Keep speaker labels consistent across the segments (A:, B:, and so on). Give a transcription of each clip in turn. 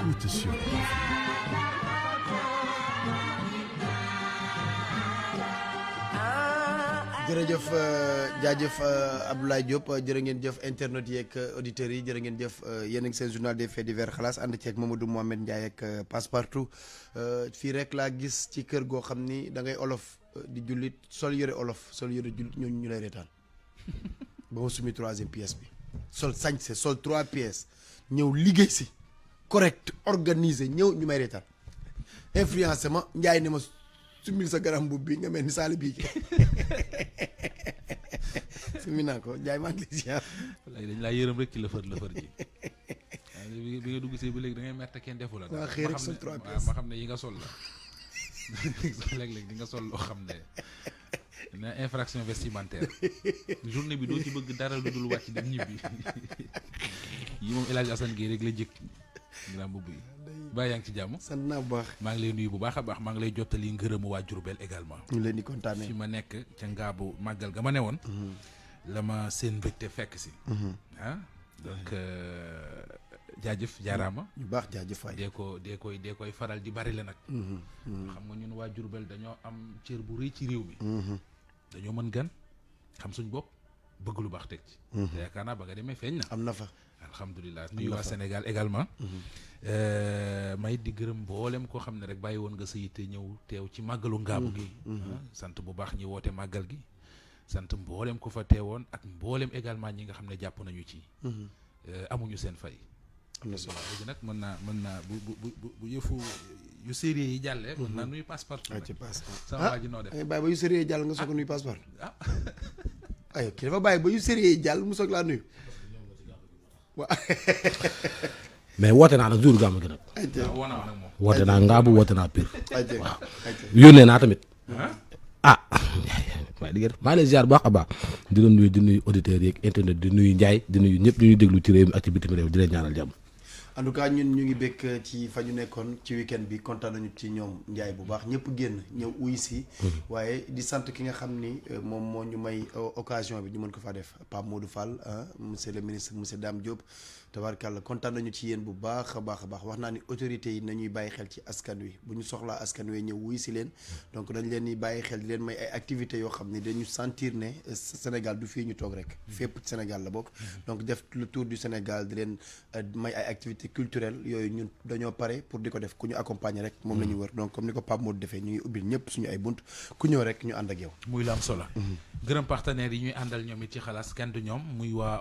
A: écoute sur jërëjëf euh, jaajëf euh, Abdoulaye Diop euh, jërë ngeen jëf internet yeeg auditeurs yi jërë ngeen jëf yéen a ngi seen journal des faits divers xalaas ànd ceeg Mamadou Mohamed Ndiaye par Passepartout fii rek laa gis ci kër goo xam ni da ngay olof di jullit sol yëre olof sol yëre jullit ñooñu ñu lay reetaan ba ma sumi troisième pièce bi sol sañse sol trois pièces ñëw liggéey si correct organisé ñëw ñu may reetaan influencé ma njaay ni ma summil sa garam bi nga mel ni saali bii summi naa ko njaay ma ngi
B: lay dañ laa yërëm rek ci lëfër lëfër ji bi nga dugg si ba léegi da ngay merte kenn defu la waaw xëy rek sol trois ma xam ne yi nga sol la léeg di nga sol loo xam ne na infraction vestimentaire journée bi doo ci bëgg dara lu dul wàcc dem ñibbi yi moom El Hadj Assane Gueye la jëkk grand mbubb yi ah, baa yaa ngi ci jàmm sant naa bu baax maa ngi lay nuyu bu baax a baax maa ngi lay jottali ngërëmu waa Jurbel également ñu leen di kontaanee fi ma nekk ca ngaabu màggal ga ma ne woon mhm. la ma seen mbégte fekk si mhm. ah donc jaajëf euh, jaaraama mm, ñu baax jaajëf waay dee ko dee koy faral di bari la nag mhm, xam nga ñun waa Jurbel dañoo am cër bu rëy ci réew bi dañoo mën gan xam suñ bopp bëgg lu baax teg ci. yaakaar naa ba nga demee feeñ na. am na fa alhamdulilah nuyu waa Sénégal également. Mhm. Euh, may di gërëm mboolem koo xam ne rek bàyyi woon nga sa yitte ñëw teew ci màggalu ngaabu mhm. gi. Mhm. Ah, sant bu baax ñi woote màggal gi. sant mboolem ko fa teewoon ak mboolem également ñi nga xam ne jàpp nañu ci. Euh, amuñu seen fay. am na solo nag mën naa mën naa bu bu bu bu yëfu yu sérieux yi jàllee. mën naa nuyu passeport. ah ci passeport sama ah, waa ji noo def eh, bàyyi
A: ba yu sérieux yi jàll nga soog a ah. nuyu passeport. ah ay dafa bàyyi ba yu sérieux yi jàll mu soog laa nuyu.
B: mais woote naa nag jour gàmm gi nag. Ah, woote naa ngaabu woote naa pire. waaw yónnee naa tamit. ah waaye di ngeen maa ngi baax a baax di nuyu di nuyu auditeurs yeeg internet di nuyu Ndiaye di nuyu ñëpp di nuyu déglu ci réew mi ak di leen ñaanal jàmm.
A: en tout cas ñun ñu ngi békk euh, ci fa ñu nekkoon ci weekend bi kontaan nañu ci ñoom njaay bu baax ñëpp génn ñëw uy si mm-hmm. waaye di sant ki nga xam ni euh, moom moo ñu may euh, occasion bi ñu mën ko faa def Pape du Fall monsieur le ministre monsieur Dame Diop tabarkàlla kontaan nañu ci yéen bu baax a baax a baax wax naa ni autorité yi nañuy bàyyi xel ci askan wi bu ñu soxlaa askan wi ñëw wuy si leen donc dañ leen di bàyyi xel di leen may ay activités yoo xam ne dañu sentir ne euh, Sénégal du fii ñu toog rek fépp Sénégal la bokk donc def le tour du Sénégal di leen euh, may ay activité culturelles yooyu ñun dañoo pare pour di ko def ku ñu accompagner rek moom la ñu mm. wër donc comme ni ko Pape Modou defee ñu ngi ubbil ñëpp suñu ay bunt ku ñëw rek ñu ànd ak yow muy la am solo mm-hmm.
B: gërëm partenaires yi ñuy àndal ñoom ci xalaas kenn du ñoom muy waa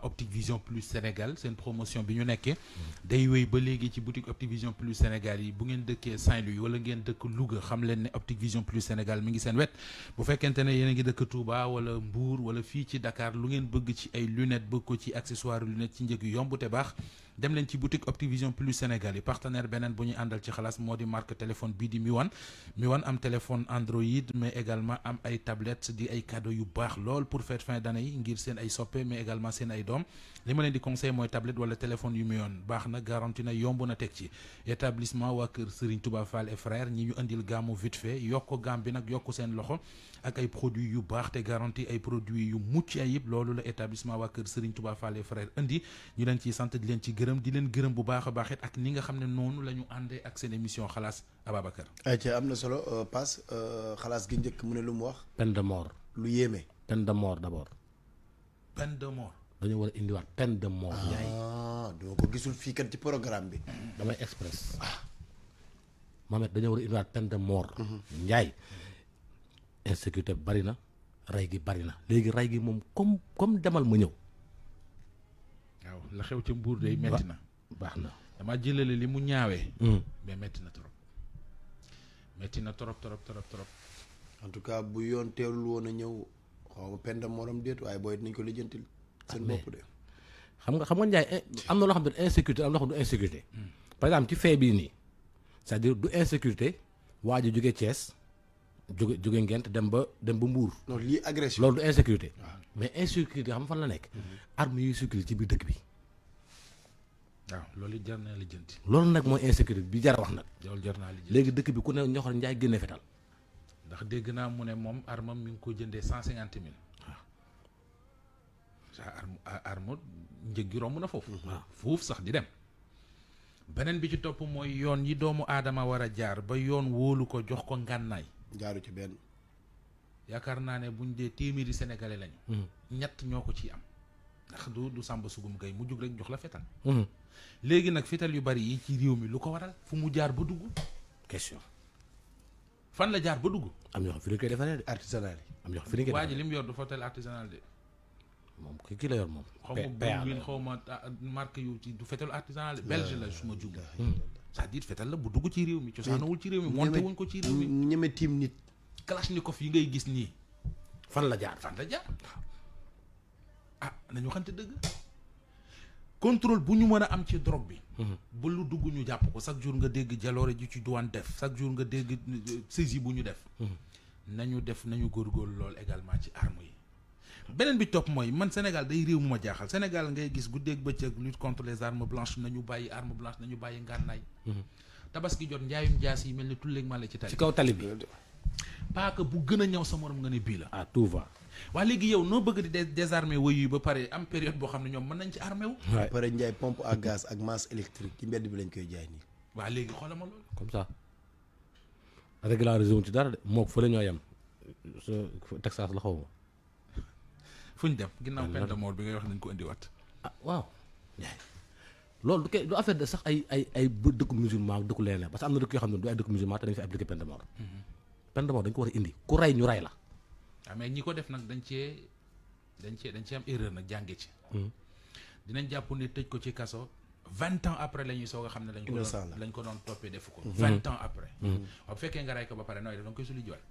B: Sénégal seen promotion bi ñu nekkee day wéy ba léegi ci boutique Optic Vision Plus Sénégal yi bu ngeen dëkkee Saint-Louis wala ngeen dëkk Louga xamleen ne Optic Vision Plus Sénégal mi ngi seen wet bu fekkente ne yéen a ngi dëkk Touba wala mbuur wala fii ci Dakar lu ngeen bëgg ci ay lunettes bëgg ko ci accessoire lunettes ci njëg yu yomb te baax dem leen ci boutique Optivision Plus Sénégal yi partenaire beneen bu ñu àndal ci xalaas moo di marque téléphone bii di Miwan Miwan am téléphone Android mais également am ay tablettes di ay cadeaux yu baax lool pour fête fin d'année yi ngir seen ay soppe mais également seen ay doom li ma leen di conseil mooy tablette wala téléphone yu Miwan baax na garanti na yomb na teg ci établissement waa kër Serigne Touba Fall et frère ñi ñu indil gaamu vite fait yokk gaam bi nag yokk seen loxo ak ay produits yu baax te garanti ay produits yu mucc ayib loolu la établissement waa kër Serigne Touba Fall et frère indi ñu gërëm di leen gërëm bu baax a baax ak ni nga xam ne noonu lañu àndee ak seen émission xalaas Ababacar.
A: ayca am na solo euh, Paas euh, xalaas gi njëkk mu ne lu mu wax.
B: peine de mort. lu yéeme. peine de mort d' abord. peine de mort. war a indiwaat peine de mort.
A: ah gisul fii kat ci programme bi. damay express.
B: ah dañoo war a indiwaat peine de mort. Mhm. Ndiaye insécurité bari na rey gi bari na léegi rey gi moom comme comme demal ma ñëw. la xew ca mbuur day mm-hmm. metti na baax na dama jëlale li mu ñaawee mm-hmm. mais metti na trop metti na trop trop trop trop
A: en tout cas bu yoon teelul woon a ñëw xaw ma penda morom déet waaye booy nañ ko lijjantil seen bopp de
B: xam nga xam nga Ndiaye eh, am na loo xam ne insécurité am na loo xam ne du insécurité mm. par exemple ci fee bii nii c'est-à-dire du insécurité waa ji jóge Thiès jóge jóge Ngent dem ba dem ba Mbour. loolu lii agression loolu du insécurité. Ah. mais insécurité xam nga fan la nekk. Mm-hmm. armes yuy circulé ci biir dëkk bi. waaw loolu jar naa lijjanti. loolu nag mooy insécurité bi jar a wax nag. loolu jar naa lijjanti léegi dëkk bi ku ne ñoxor njaay génne fetal ndax dégg naa mu ne moom armam mi ngi ko jëndee cent cinquante mille. waaw sa arme arme njëg gi romb foofu. sax di dem. beneen bi ci topp mooy yoon yi doomu aadama war a jaar ba yoon wóolu ko jox ko ngànnaay. jaaru ci benn. yaakaar naa ne buñ dee téeméeri sénégalais lañu. Mm-hmm. ñett ñoo ko ciy am. ndax du du sàmba sugum gay mu jug jox la fetal mm-hmm. léegi nag fital yu bari yi ci réew mi lu ko waral fu mu jaar ba dugg. question. fan la jaar ba dugg. am na yoo xam fi de artisanal am na yoo li mu yor du fa moom ki ki la yor moom. xaw ma xaw ma ah, marque yu ci du fetal artisanal belge ma jug. cest à fetal la bu dugg ci réew mi cosaanawul ci réew mi. monté wuñ ko ci réew mi ñeme tiim nit. kalachnikov yi ngay gis nii. fan la jaar fan la jaar ah nañu waxante dëgg. contrôle bu ñu mën a am ci drogue bi. Mhm. ba lu dugg ñu jàpp ko chaque jour nga dégg jaloore ju ci douane def chaque jour nga dégg euh, saisie bu ñu def. Mhm. nañu def nañu góor góor lool également ci armes yi. beneen bi topp mooy man Sénégal day réew mu ma jaaxal Sénégal ngay gis guddeeg bëccëg lutte contre les armes blanches nañu bàyyi arme blanche nañu bàyyi ngànnaay. Mhm. tabaski jot njaayum jaas yi mel ni tulleeg male ci tali. ci kaw tali bi. paaka bu gën a ñëw sa morom nga ne bii waa léegi yow noo bëgg di désarmer woyu yi ba pare am période boo xam ne ñoom mën nañ ci armé wu. waaw
A: pare njaay pompe à gaz ak masse électrique ci mbedd bi lañ koy jaay nii. waa léegi xoolal ma loolu.
B: comme ça régularisé wuñ ci dara de moog fële ñoo yem sa Texas la xaw ma. fu ñu dem ginnaaw pendamoor bi ngay wax nañ ko indiwaat. ah waaw. loolu du kay du affaire de sax ay ay ay dëkku musulman ak dëkku leneen parce que am na dëkk yoo xam ne du ay dëkku musulman te dañ fi appliqué peine de mort. Mm-hmm. peine de mort dañ ko war a indi ku ray ñu ray la. ah mais ñi ko def nag dañ cee dañ cee dañ cee am erreur nag jànge ci. Hmm. dinañ jàpp ne tëj ko ci kaso. vingt ans après la ñuy soog a xam ne lañ ko doon ko doon toppee defu ko hmm. vingt ans après hmm. waaw bu fekkee nga ray ko ba pare nooy def da nga koy suli jiwaat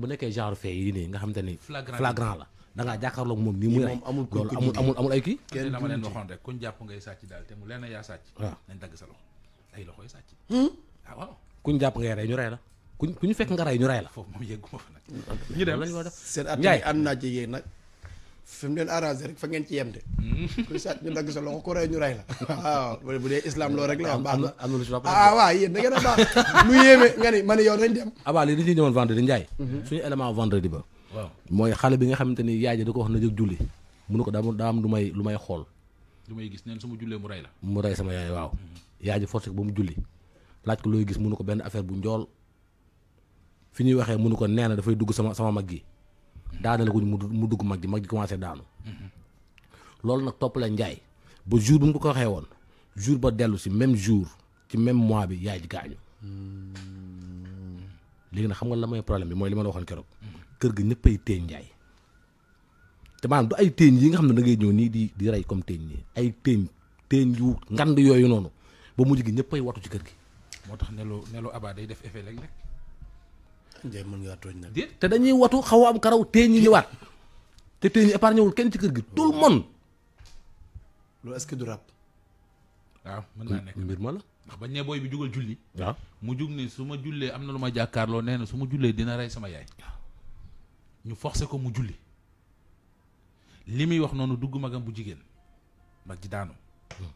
B: bu nekkee genre fait yi nii nga xam te ni flagrant la da ngaa jàkkaarloog moom nii muy rey amul amul ay kii kuñ jàpp ngay sàcc daal te mu leen yaa sàcc waaw ah. nañ dagg sa loxo ay loxoy sàcc ah waaw kuñ jàpp ngay rey ñu rey la kuñ ku ñu fekk nga rey ñu rey la. foofu moom yëggu ma fa nag.
A: seen at yi ci yéen nag. fi leen arrangé rek fa ngeen ci yem de. Hmm. kuy sàcc ñu dagg sa loxo ku rey ñu rey la. waaw bu dee islam loolu rek la am. baax na am na lu ci ah, wax da ngeen a baax lu yéeme nga ni ma ne yow nañ dem.
B: abaa li li ci ñëwoon vendredi Ndiaye. Mhm. suñu élément vendredi ba. waaw mooy xale bi nga xamante ni yaay ji da ko wax na jóg julli. mu ko daa am lu may lu may xool. lu may gis neen su ma jullee mu rey la. mu rey sama yaay waaw. Mhm. yaay ji forcé ko ba mu julli laaj ko looy gis mu ko benn affaire bu njool fi ñuy waxee mënu ko nee na dafay dugg sama sama mag gi daanale ko mu dugg mag gi mag gi commencé daanu. loolu nag topp la njaay ba jour bu mu ko waxee woon jour ba dellu si même jour ci même mois bi yaay ji gaañu. léegi nag xam nga la may problème bi mooy li ma la waxoon keroog. kër gi ñëppay téeñ njaay. te maanaam du ay téeñ yi nga xam ne da ngay ñëw nii di di rey comme téeñ yi ay téeñ téeñ yu ngand yooyu noonu ba mujj gi ñëppay watu ci kër gi. moo tax nelu nelu abaa day def effet léeg-léeg te dañuy watu xaw am karaw tee ñi waat te tee ñi épargne kenn ci kër gi tout le monde. loolu du rab. waaw mën naa nekk mbir ma la. ndax bañ ne bi jugal julli. mu jug ni su ma jullee am na lu ma jàkkaarloo nee na su ma jullee dina rey sama yaay. ñu forcé ko mu julli. li muy wax noonu dugg magam bu jigéen. mag ji daanu. Hmm.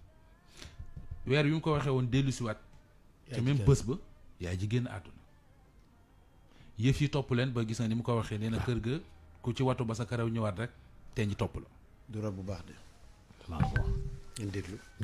B: weer yu mu ko waxee woon dellusiwaat. te même bés ba yaay ji génn àdduna yëf yi topp leen ba gis na ni mu ko waxee nee na kër ga ku ci wattu ba sa karaw ñëwaat rek te ñi topp la. du rab bu baax de. waaw waaw.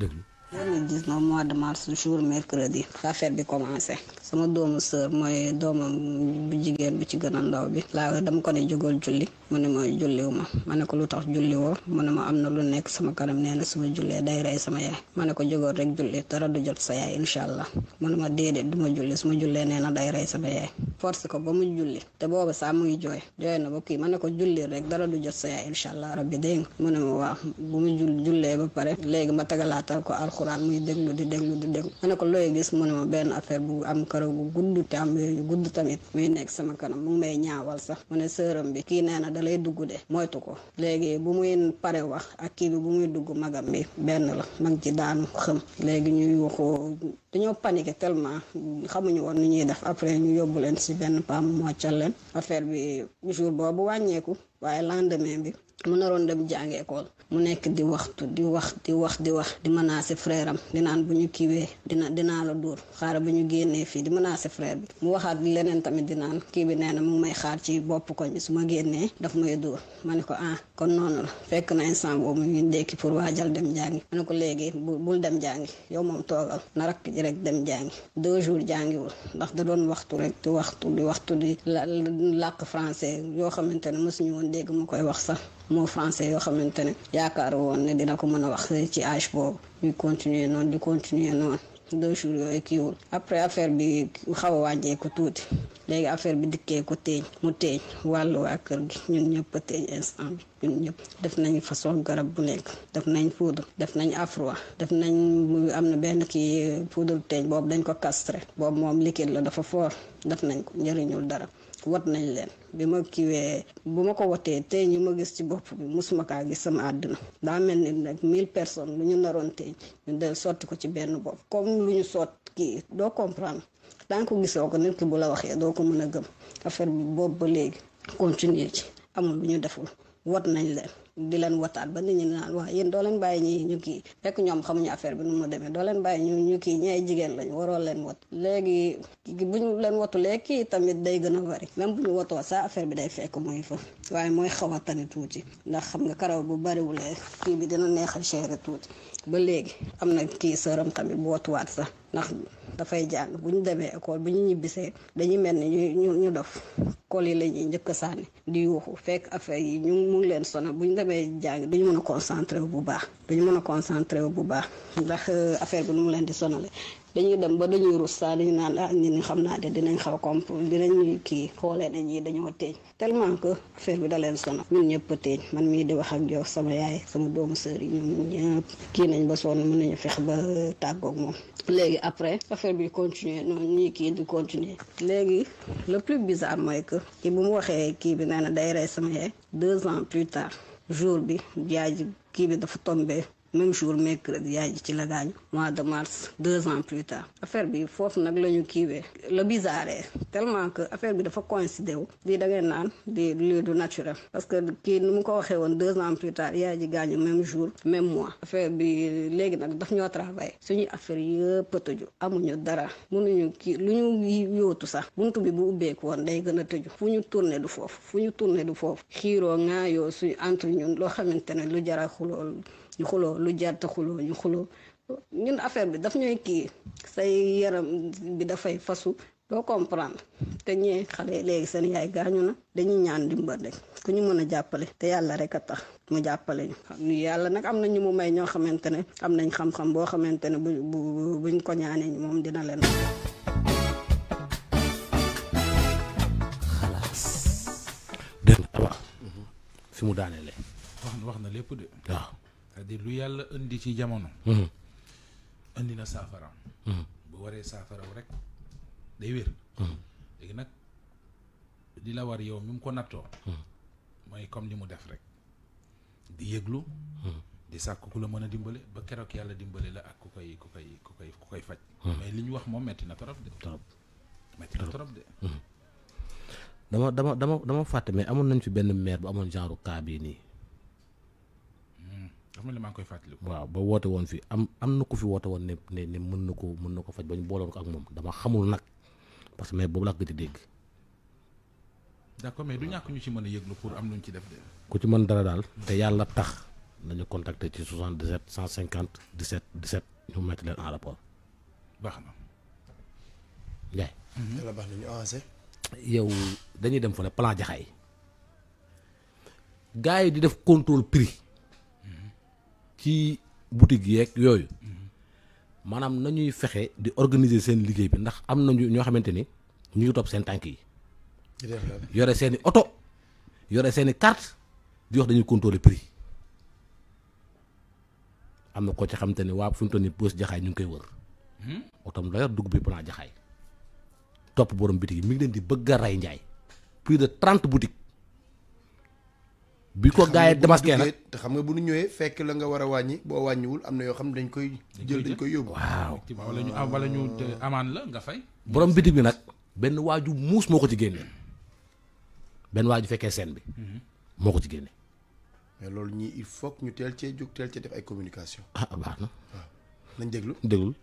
B: déglu.
C: 2019 mois de mars jour mercredi affaire bi commencé sama doomu sœur mooy doomam bu jigéen bi ci gën a ndaw bi laa dama ko ne jógal julli mu ne ma julliwu ma ma ne ko lu tax julliwoo mu ne am na lu nekk sama kanam nee na suma jullee day rey sama ma ne ko jógal rek julli dara du jot sa yaay incha allah mu ma déedéet du ma julli jullee nee na day rey sama yaay force ko ba mu julli te booba saa mu ngi na ba kii ma ne ko julli rek dara du jot sa yaay incha allah rabbi dégg mu ne ma waaw bu mu jullee ba pare léegi ma tagalaatal ko alxuraan alxuraan muy déglu di déglu di déglu ma ne ko looy gis mu ne ma benn affaire bu am karaw gu gudd gudd tamit muy nekk sama kanam mu may ñaawal sax mu ne sëram bi kii nee na da dugg de moytu ko léegi bu muy pare wax ak kii bi bu muy dugg magam bi benn la mag ci daanu xëm léegi ñuy waxoo dañoo paniqué tellement xamuñu woon nu ñuy def après ñu yóbbu leen si benn paam moccal leen affaire bi jour boobu wàññeeku waaye lendemain bi mu naroon dem jàng école mu nekk di waxtu di wax di wax di wax di menacer frère am di naan bu ñu kiiwee dina dinaa la dóor xaaral bu ñu génnee fii di menacer frère bi mu waxaat leneen tamit di naan kii bi nee na mu may xaar ci bopp ko bi su ma génnee dafa may dóor ma ne ko ah kon noonu fekk na instant boobu ñu ndekki pour waajal dem jàngi ma ne ko léegi bul dem jàngi yow moom toogal na rakk ji rek dem jàngi deux jours jàngiwul ndax da doon waxtu rek di waxtu di waxtu di làkk français yoo xamante ne mosuñu woon dégg mu koy wax sax moo français yoo xamante ne yaakaar woon ne dina ko mën a wax ci âge boobu ñu continuer noonu di continuer noonu deux jours yooyu kiiwul après affaire bi xaw a wàññee tuuti léegi affaire bi dikkee ko teeñ mu teeñ wàllu waa kër gi ñun ñëpp a instant ñun ñëpp def nañu façon garab bu nekk def nañ poudre def nañ afro def nañ am na benn kii poudre teeñ boobu dañ ko castré boobu moom liquide la dafa foor def nañ ko njëriñul dara wat nañ leen bi ma kiiwee bu ma ko watee tey ñu ma gis ci bopp bi musuma kaa gis sama àdduna daa mel ni nag mille personnes lu ñu naroon tey ñu del sotti ko ci benn bopp comme lu ñu soot kii doo comprendre tant que gisoo ko nit ki bu la waxee doo ko mën a gëm affaire bi boobu ba léegi continuer ci amul lu ñu deful wat nañ leen di leen wataat ba nit ñi naan wax yéen doo leen bàyyi ñi ñu kii fekk ñoom xamuñu affaire bi nu mu demee doo leen bàyyi ñu ñu kii ñi ay jigéen lañ waroo leen wat léegi bu ñu leen watulee kii tamit day gën a bari même bu ñu watoo sa affaire bi day fekk muy fa waaye mooy xaw a tane tuuti ndax xam nga karaw bu bariwulee kii bi dina neexal chére tuuti ba léegi am na kii sëram tamit bu watuwaat sax dafay jàng bu ñu demee école bu ñu ñibbisee dañuy mel ni ñu ñu dof kool yi la ñuy njëkk saani sànni di yuuxu fekk affaire yi ñu mu leen sonal bu ñu demee jàng ñu mën a concentré wu bu baax duñu mën a concentré wu bu baax ndax euh, affaire bi nu mu leen di sonale dañuy dem ba dañuy rus saa dañu naan ah ñi ni xam naa de dinañ xaw comp dinañ kii xoolee nañ ñii dañoo teeñ tellement que affaire bi da leen sonal ñun ñëpp teeñ man mii di wax ak yow sama yaay sama doomu sœur yi ñoom ñëpp kii nañ ba sonn mën nañu fex ba tàggoog moom léegi après affaire bi continuer noonu ñii kii di continuer léegi le plus bizarre mooy que kii bu mu waxee kii bi nee na day rey sama yaay deux ans plus tard jour bi yaay ji kii bi dafa tombé même jour mercredi yaay ji ci la gaañu mois de mars deux ans plus tard affaire bi foofu nag la ñu kiiwee la bizarre tellement que affaire bi dafa coïncider wu lii da ngay naan di lii du naturel parce que kii nu mu ko waxee woon deux ans plus tard yaay ji gaañu même jour même mois affaire bi léegi nag daf ñoo travail suñu affaire yëpp a tëju amuñu dara mënuñu kii lu ñu yóotu sax bunt bi bu ubbeeku woon day gën a tëju fu ñu tourné du foofu fu ñu tourné du foofu xiiroo ŋaayoo suñu entre ñun loo xamante ne lu jara xuloo ñu lu jarta xuloo ñu xuloo ñun affaire bi daf ñooy kii say yaram bi dafay fasu doo comprendre te ñee xale léegi seen yaay gaañu na dañu ñaan dimbal rek ku ñu mën a jàppale te yàlla rek a tax mu jàppale ñu yàlla nag am na ñu mu may ñoo xamante ne am nañ xam-xam boo xamante ne bu bu buñ ko ñaanee moom dina leen
B: fi mu daaneele wax na lépp de waaw cest à lu yàlla indi ci jamono mhm. indi na saafaraam. Mm-hmm. bu waree saafaraw rek day wér. Mm-hmm. léegi nag di la war yow mi mu ko nattoo. Mm-hmm. mooy comme li mu def rek di yëglu. di sàkk ku la mën a dimbale ba keroog yàlla dimbale la ak ku koy ku koy ku koy ku koy faj. mais li ñu wax moom metti na trop de. trop metti na trop de. dama dama dama fàtte mais amoon nañ fi benn maire bu amoon genre cas bii nii. dafa mel ni maa ngi koy fàttaliku. waaw ba woote woon fi am am na ku fi woote woon ne ne ne mën na ko mën na ko faj ba ñu booloon ko ak moom dama xamul nag parce que mais boobu la ko gëj a dégg. d'accord ñàkk ñu ci mën a yëglu pour am lu ñu ci def ku ci mën dara daal te yàlla tax nañu contacter ci 77 150 17 17 ñu mettre leen en rapport. baax na. Ndiaye.
A: dara mm-hmm. baax na ñu avancé.
B: yow dañuy dem fële plan jaxaay. gars yi di def contrôle prix. ci boutique yeeg yooyu maanaam nañuy fexe di organiser seen liggéey bi ndax am nañu ñoo xamante ni ñu ngi topp seen tànk yi yore seen i oto yore seeni i carte di wax dañuy contrôler prix am na ko ci xamante ni waa fu mu toll nii bës jaxaay ñu ngi koy wër otom la yor dugg bi plan jaxaay topp borom boutique yi mi ngi leen di bëgg a rey njaay plus de trente boutiques bi ko gars yi démasqué nag
A: te xam nga bu nu ñëwee fekk la nga war a wàññi boo wàññiwul am na yoo xam ne dañ koy jël dañ koy yóbbu waaw wala ñu ah, wala ñu
B: amaan la nga fay borom bitig bi nag benn waaju muus moo ko ci génne benn waaju fekkee seen bi mm-hmm. moo
D: ko
A: ci génne mais loolu ñii il faut ñu teel cee jóg teel def ay communication
D: ah baax na waaw nañ déglu déglu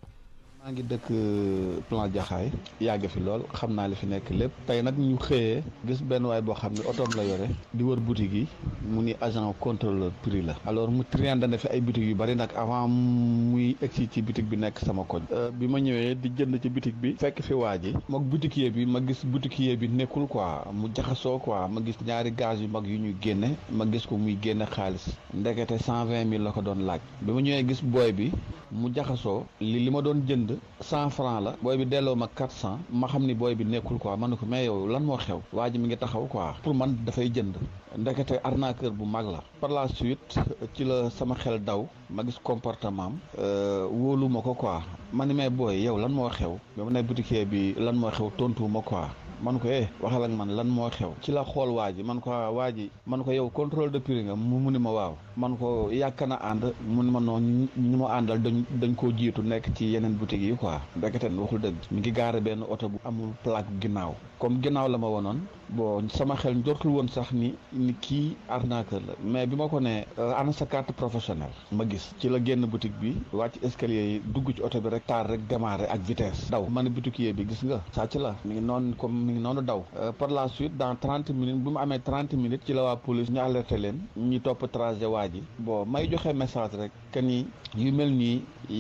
D: maa ngi dëkk euh, plan jaxaay yàgg fi lool xam naa li fi nekk lépp tey nag ñu xëyee gis benn waay boo xam ne otoom la yore di wër boutique yi mu ni agent contrôleur prix la alors mu triandane fi ay boutique yu bari nag avant muy egsi ci boutique bi nekk sama koñ euh, bi ma ñëwee di jënd ci boutique bi fekk fi waa ji mook boutiquier bi ma gis boutiquier bi nekkul quoi mu jaxasoo quoi ma gis ñaari gaz yu mag yu ñu génne ma gis ko muy génne xaalis ndekete cent vingt mille la ko doon laaj bi ma ñëwee mille cent franc la booy bi delloo ma quatre cent ma xam ni booy bi nekkul quoi man ne ko mais yow lan moo xew waa ji mi ngi taxaw quoi pour man dafay jënd ndekete arnaqueur bu mag la par la suite ci la sama xel daw ma gis comportement am euh, wóolu ma ko quoi man ni mais booy yow lan moo xew ba mu ne boutiquier bi lan moo xew tontu ma quoi man ko eh waxal ak man lan moo xew ci la xool waa ji man ko ah, waa ji man ko yow contrôle de prix nga mu ni ma waaw man ko yàgg na ànd mu ni ma noon ñu ma àndal dañ dañ koo jiitu nekk ci yeneen boutique yi quoi ndeketen waxul dëgg mi ngi gaare benn oto bu amul plaque ginnaaw comme ginnaaw la ma wonoon boo sama xel njortul woon sax ni ni kii arnaqueur la mais bi ma ko nee euh, ana sa carte professionnelle ma gis ci la génn boutique bi wàcc escalier yi dugg ci oto bi rek taar rek démarrer ak vitesse daw man boutique bi gis nga la mi ngi noonu daw euh, par la suite dans trente minutes bu mu amee trente minutes ci la waa police ñu alerté leen ñu topp trajet waa ji boo may joxee message rek que ni yu mel nii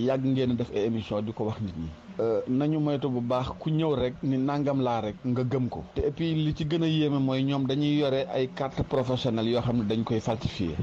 D: yàgg ngeen def ay émission di ko wax nit ñi euh, nañu moytu bu baax ku ñëw rek ni nangam laa rek nga gëm ko te et li ci gën a yéeme mooy ñoom dañuy yore ay carte professionnelle yoo xam ne dañu koy falsifier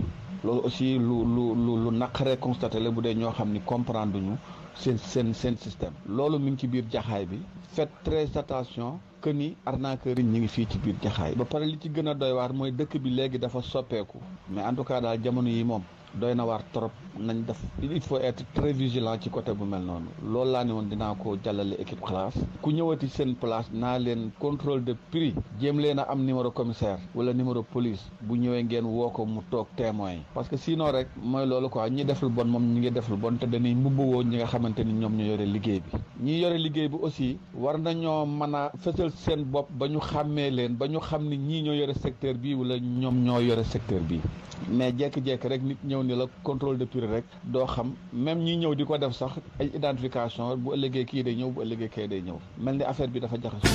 D: loolu aussi lu lu lu lu naqaree constaté la bu dee ñoo xam ni comprendre ñu seen seen seen système loolu mi ngi ci biir jaxaay bi faites très attention que ni arnaqueurs yi ñu ngi fii ci biir jaxaay ba pare li ci gën a doy mooy dëkk bi léegi dafa soppeeku mais en tout cas daal jamono yi moom doy na waar trop nañ def il faut être très ci côté bu mel noonu loolu laa ne woon dina ko jàllale équipe classe ku ñëwati seen place naa leen contrôle de prix jéem leen a am numéro commissaire wala numéro police bu ñëwee ngeen woo ko mu toog témoin parce que sinon rek mooy loolu quoi ñi def lu bon moom ñi ngi def lu bon te dañuy mbubboo ñi nga xamante ni ñoom ñu yore liggéey bi ñi yore liggéey bi aussi war nañoo mën a fësal seen bopp ba ñu xàmmee leen ba ñu xam ni ñii ñoo yore secteur bi wala ñoom ñoo yore secteur bi mais jékki-jékki rek nit ñëw ni la contrôle de prix rek doo xam même ñi ñëw di ko def sax ay identification bu ëllëgee kii day ñëw bu ëllëgee kee day ñëw mel ni affaire bi dafa jaxasoo.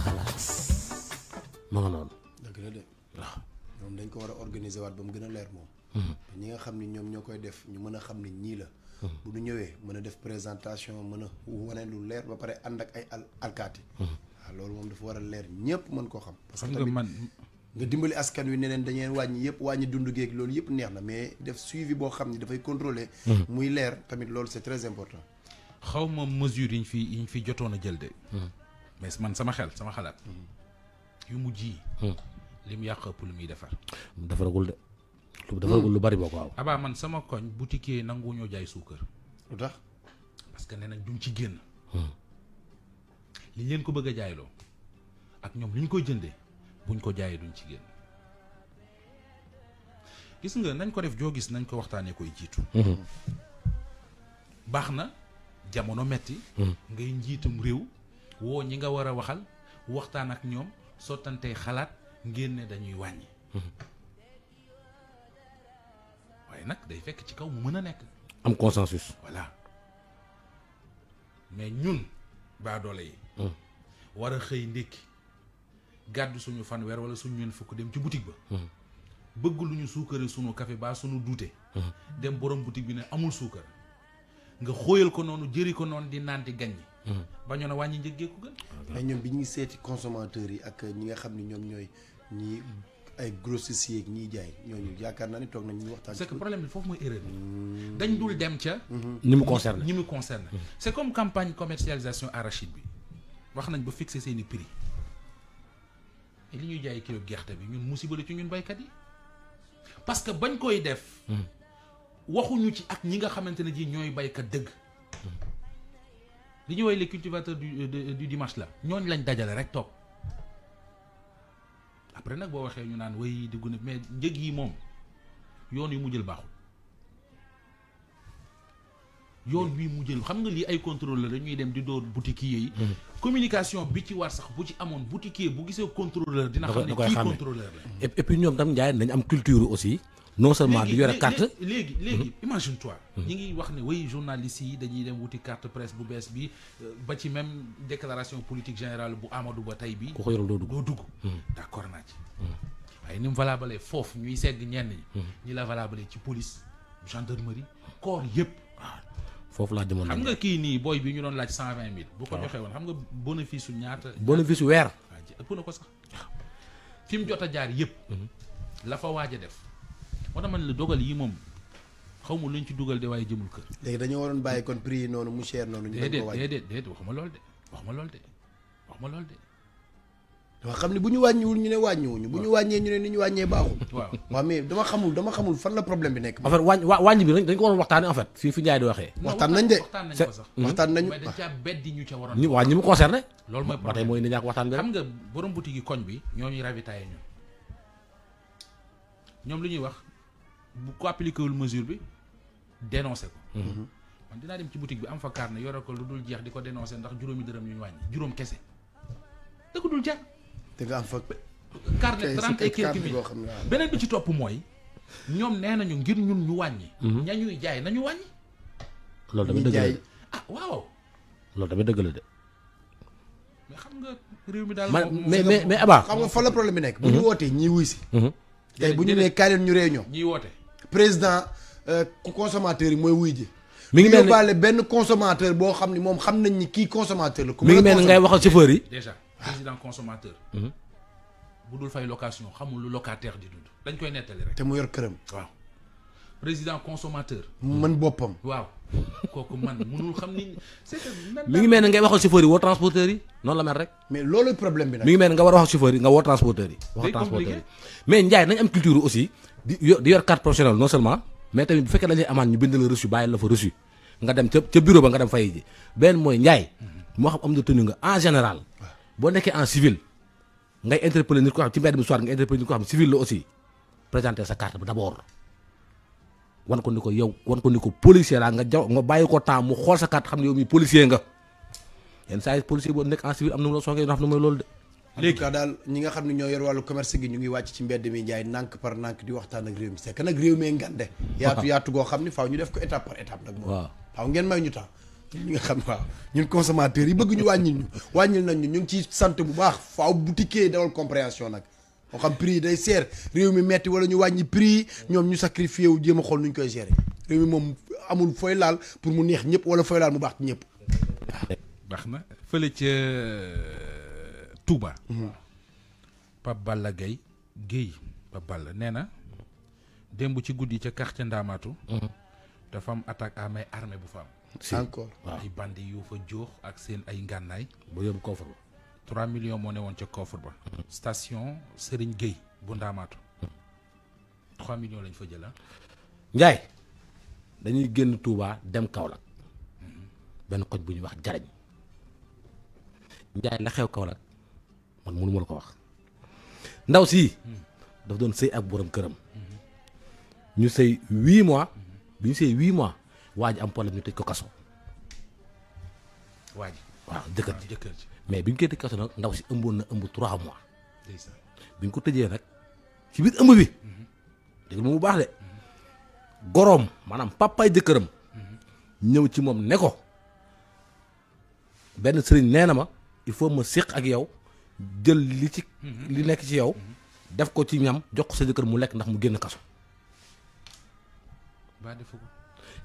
D: xalaas ma nga noonu.
A: Ah. dañ ko war a organiser waat ba mu gën a leer moom. Mm-hmm. ñi nga xam ni ñoom ñoo koy def ñu mën a xam ni ñii la. Mm-hmm. bu ñu ñëwee mën a def présentation mën a wane lu leer ba pare ànd ak ay al alkaati. Mm-hmm. waaw loolu moom dafa war a leer ñëpp mën koo xam. parce man nga dimbali askan wi ne leen dañu wàññi yëpp wàññi dund géeg loolu yëpp neex na mais def suivi boo xam ni dafay contrôler mhm. muy leer tamit loolu c'est très important.
B: xaw ma mesure yi ñu fi yi ñu fi jotoon a jël de. Mhm. mais man sama xel sama xalaat. Mhm. yu mujj yi. li mu yàq ëpp lu muy defar. defaragul de. lu defaragul lu bari boo ko aw. abaa man sama koñ boutique nangu ñoo jaay suukar. lu tax parce que nañ duñ ci génn. li leen ko bëgg jaayloo ak ñoom liñ koy jëndee buñ ko jaayee duñ ci génn gis nga nañ ko def joo gis nañ ko waxtaanee koy jiitu. Mhm. baax na jamono metti mhm. ngay njiitum réew woo ñi nga war a waxal waxtaan ak ñoom sottantey xalaat ngeen ne dañuy wàññi. Mhm. waaye nag day fekk ci kaw mu mën a nekk. am consensus. voilà mais ñun. baadoole yi hmm. war a xëy ndékki gàddu suñu fanweer wala suñu ñeen fukk dem ci boutique ba hmm. bëgg lu ñu suukare suñu café baa suñu duute hmm. dem borom boutique bi ne amul suukar nga xóoyal ko noonu jëri ko noonu di naanti gàññi ba ñoo wàññi njëggee ko gën
A: mais ñoom bi ñuy seeti consommateurs yi ak ñi nga xam ne ñoom ñooy ñi ay grossistes yeeg ñiy jaay ñooñu yaakaar na ni toog nañ ñu waxtaan. c'est que problème bi foofu mooy erreur bi. Hmm.
B: dañ dul dem ca. ñi mu concerne ñi mu concerne. c'est comme campagne commercialisation arachide bi wax nañ ba fixer seen i prix li ñuy jaay kilo gerte bi ñun musiba la ci ñun baykat yi parce que bañ koy def. Hmm. waxuñu ci ak ñi nga xamante ne ji ñooy baykat dëgg. Hmm. li ñu woy les cultivateurs du euh, du dimanche la ñooñ lañ dajale rek toog. après nag boo waxee ñu naan way di gune mais njëg yi moom yoon yu mu jël baaxul yoon wi mu jël xam nga lii ay contrôle la dañuy dem di door boutiquier yi mm-hmm. communication bi ci war sax bu ci amoon boutiquier bu gisee contrôleur dina xam ne kii contrôleur la et puis ñoom tam njaay nañ am culture aussi non seulement du yore carte léegi mhm. léegi imagine toi ñi ngi wax ne way journalistes yi dañuy dem wuti carte presse bu bees bi euh, ba ci même déclaration politique général bu Amadou Ba tey bi ku ko yorul doo dugg doo dugg mhm. d'accord naa ci mhm. waaye ni mu valable foofu ñuy segg ñenn ñi ñi la valable ci police gendarmerie corps yëpp ah, foofu laa demoon xam nga kii nii booy bi ñu doon laaj cent vingt mille bu ko joxee woon xam nga bénéfice su ñaata bénéfice weer ëpp na ko sax fi mu jot a jaar yëpp la fa waaj def moo tax man la dogal yi moom xaw ma luñ ci dugal de waaye jëmul kër.
A: léegi dañoo waroon bàyyi kon prix yi noonu mu cher noonu. ñu doon ko wàññi déedéet déedéet waxuma lool de waxuma lool de waxuma lool de. dama xam ne bu ñu wàññiwul ñu ne wàññiwuñu bu ñu wàññee ñu ne ni ñu wàññee baaxul waaw waaw mais dama xamul dama xamul fan la problème bi nekk
B: en fait wàññ wàññi bi dañ ko waroon waxtaane en fait fii fi Ndiaye di waxee waxtaan nañ de waxtaan nañ ko sax waxtaan nañu mais dañ caa beddi ñu ca waroon waaw ñi mu concerné loolu mooy ba tey mooy ni ñàkk waxtaan bi xam nga borom boutique yi koñ bi ñoo ñuy ravitaillé ñun ñoom lu ñuy wax bu ko appliqué wul mesure bi dénoncé ko. Mhm. Mhm. man dinaa dem ci boutique bi am fa carnet yore ko lu dul jeex di ko dénoncé ndax juróomi dërëm yu ñu wàññi juróom kese
A: da ko dul jar. te nga am fa. carnet trente et quelques
B: beneen bi ci topp mooy. ñoom nee nañu ngir ñun ñu wàññi. Mhm. ña ñuy jaay nañu wàññi. loolu tamit dëgg la ah waaw. loolu tamit dëgg la de. mais nga mi daal. mais mais mais Abba. xam nga fa la problème bi nekk. bu ñu wootee
A: ñii wuy si. tey bu ñu nee kaay ñu réunion. ñii président euh, consommateur yi mooy wuy ji. mu ngi mel ni benn consommateur boo xam ni moom xam nañ ni kii consommateur la. ku mi ngi mel ni ngay wax ak chauffeur yi.
B: déjà président consommateur. Mhm. bu dul fay location xamul lu di dund. dañ koy nettali rek. te mu yor këram. waaw président consomateur mën boppam waaw. kooku man mënul xam ni c'est que mi ngi mel ngay waxal chauffeur yi woo transporteur yi noonu la mel rek.
A: mais loolu problème bi nag. mi ngi
B: mel ne nga war a waxal chauffeur yi nga woo transporteur yi. waxal transporteur yi mais Ndiaye nañ am culture aussi di yor di yor carte professionnelle non seulement mais tamit bu fekkee dañuy amaat ñu bind la reçu bàyyi la fa reçu nga dem ca bureau ba nga dem fay ji benn mooy Ndiaye mhm. moo xam am na tenue en général boo nekkee en civil ngay interpeller nit ko xam ci mbedd mi soir nga wan ko ni ko yow wan ko ni ko policier laa nga jaw nga bàyyi ko temps mu xool sa carte xam ne yow mi policier nga yenn saa yi policier boo nekk en am na mu la songee xam ne mooy loolu
A: de léegi daal ñi nga xam ne ñoo yor wàllu commerce gi ñu ngi wàcc ci mbedd mi jaay nànk par nànk di waxtaan ak réew mi c'est que nag réew mi ngande yaatu yaatu goo xam ne faaw ñu def ko étape par étape nag moom waaw faaw ngeen may ñu temps ñi nga xam waaw ñun consommateurs yi bëgg ñu wàññil ñu nañ ñu ñu ngi ciy sant bu baax faaw bu tikkee dawal compréhension nag moo xam prix yi day seer réew mi metti wala ñu wàññi prix yi ñoom ñu sacrifié wu jéem a xool nu ñu koy gérer réew mi moom amul fooy laal pour mu neex ñëpp wala fooy laal mu baax ci ñëpp
B: baax na fële ca euh, Touba mhm. Pape Balla Gueye Gueye Pape Balla nee na démb ci guddi ca quartier Ndamaatu mhm. dafa am attaque à main bu fa am encore ay bandi yu fa joox ak seen ay ngànnaay ba yóbbu koofar 3 millions moo ne woon ca coffre ba. station sëriñ Gueye bu Ndaamaatu. 3 millions lañ fa jëla ah. Ndiaye dañuy génn tuuba dem Kaolack benn xoj bu ñuy wax jarañ Ndiaye la xew Kaolack man mënu ma la ko wax ndaw si daf doon sëy ak boroom këram ñu sëy huit mois bi ñu sëy huit mois waa ji am problème ñu tëj ko kaso waa ji waaw jëkkër ji jëkkër ji mais bi ñu koy tëj kaso nag ndaw si ëmboon na ëmb trois mois bi ñu ko tëjee nag ci biir ëmb bi dégg moom bu baax de goroom maanaam papaay jëkkëram ñëw ci moom ne ko benn sëriñ nee na ma il faut ma séq ak yow jël li ci li nekk ci yow def ko ci ñam jox ko sa jëkkër mu lekk ndax mu génn kaso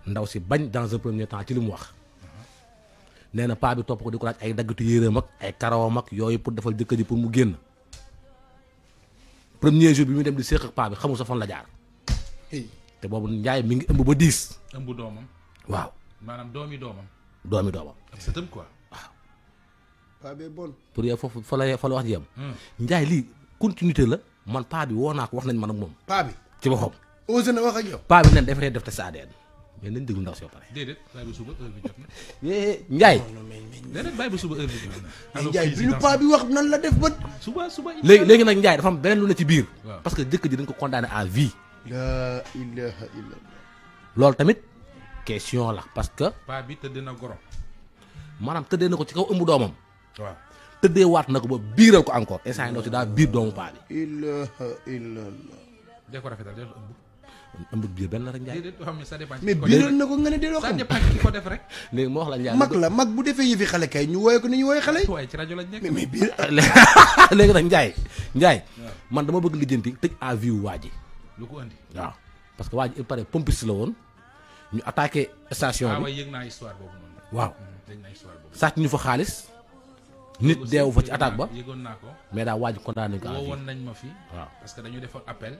B: ndaw si bañ dans un premier temps ci li mu wax nee na paa bi topp ko di ko laaj ay daggatu yéreem ak ay karawam ak yooyu pour defal jëkkër ji pour mu génn premier jour bi muy dem di séq ak paa bi xamul sa fan la jaar. te boobu njaay mi ngi ëmb ba diis. ëmb doomam. waaw maanaam doomi doomam. doomi doomam.
A: ak sëtam quoi. waaw. paa bee bon.
B: pour yow foofu fa la fa la wax ji yem. Hmm. Ndiaye lii continuité la man paa bi woo naa ko wax nañ man ak moom. paa bi ci boppam. osé na wax ak yow. paa bi nen defaree def te sa mais nañ déglu ndaw si ba pare. déedéet wax nan la def ba. suba suba léegi léegi nag Ndiaye dafa am beneen lu ne ci biir. parce que jëkk ji dañ ko condamné à vie. loolu tamit question la parce que. paa bi tëdd na goro. maanaam tëddee na ko ci kaw ëmb doomam. waaw tëddee waat na ko ba biiral ko encore instant yi ndaw si daa biir doomu paa bi. ëmb
A: biir benn la rek Ndiaye. déedéet xam ne ça dépend ko nga ne déedoo xam. mag la mag bu defee yëfi xale kay ñu wooyee ko ni ñu wooyee xale. léegi nag Ndiaye. Ndiaye man dama bëgg lijjanti tëj à vue waa ji.
B: lu ko andi waaw parce que waa ji il paraît la woon ñu attaqué station ah bi. waaw waaye yëg naa histoire boobu noonu. waaw mm, yëg naa histoire boobu. sàcc ñu fa xaalis. nit deewu fa ci attaque ba yëgoon naa ko. mais daal waa ji condamné ko. woowoon nañ ma fi. waaw parce que dañu defoon appel